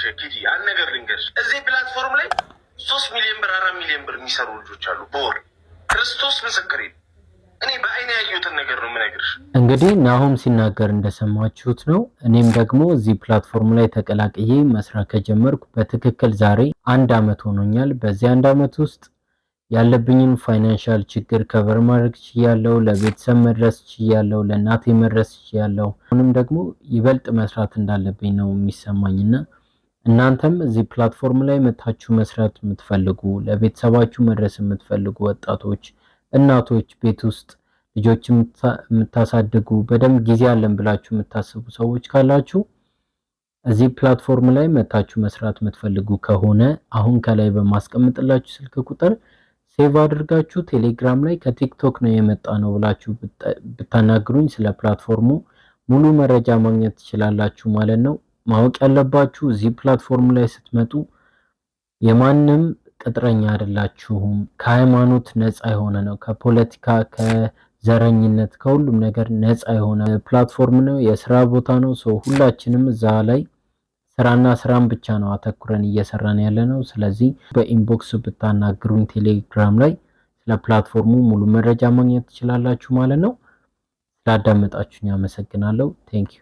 ልንገርሽ ጊዲ አንድ ነገር ልንገርሽ፣ እዚህ ፕላትፎርም ላይ ሶስት ሚሊዮን ብር አራት ሚሊዮን ብር የሚሰሩ ልጆች አሉ በወር ክርስቶስ ምስክሬ እኔ በአይን ያየሁትን ነገር ነው የምነግርሽ። እንግዲህ ናሆም ሲናገር እንደሰማችሁት ነው። እኔም ደግሞ እዚህ ፕላትፎርም ላይ ተቀላቅዬ መስራት ከጀመርኩ በትክክል ዛሬ አንድ አመት ሆኖኛል። በዚህ አንድ አመት ውስጥ ያለብኝን ፋይናንሻል ችግር ከበር ማድረግ ችያለው፣ ለቤተሰብ መድረስ ችያለው፣ ለእናቴ መድረስ ችያለው። አሁንም ደግሞ ይበልጥ መስራት እንዳለብኝ ነው የሚሰማኝና እናንተም እዚህ ፕላትፎርም ላይ መታችሁ መስራት የምትፈልጉ ለቤተሰባችሁ መድረስ የምትፈልጉ ወጣቶች፣ እናቶች፣ ቤት ውስጥ ልጆች የምታሳድጉ በደንብ ጊዜ አለን ብላችሁ የምታስቡ ሰዎች ካላችሁ እዚህ ፕላትፎርም ላይ መታችሁ መስራት የምትፈልጉ ከሆነ አሁን ከላይ በማስቀምጥላችሁ ስልክ ቁጥር ሴቭ አድርጋችሁ ቴሌግራም ላይ ከቲክቶክ ነው የመጣ ነው ብላችሁ ብታናግሩኝ ስለ ፕላትፎርሙ ሙሉ መረጃ ማግኘት ትችላላችሁ ማለት ነው። ማወቅ ያለባችሁ እዚህ ፕላትፎርም ላይ ስትመጡ የማንም ቅጥረኛ አይደላችሁም። ከሃይማኖት ነፃ የሆነ ነው። ከፖለቲካ፣ ከዘረኝነት፣ ከሁሉም ነገር ነፃ የሆነ ፕላትፎርም ነው። የስራ ቦታ ነው። ሰው ሁላችንም እዛ ላይ ስራና ስራን ብቻ ነው አተኩረን እየሰራን ያለ ነው። ስለዚህ በኢንቦክስ ብታናግሩኝ ቴሌግራም ላይ ስለ ፕላትፎርሙ ሙሉ መረጃ ማግኘት ትችላላችሁ ማለት ነው። ስላዳመጣችሁኝ አመሰግናለሁ። ቴንኪዩ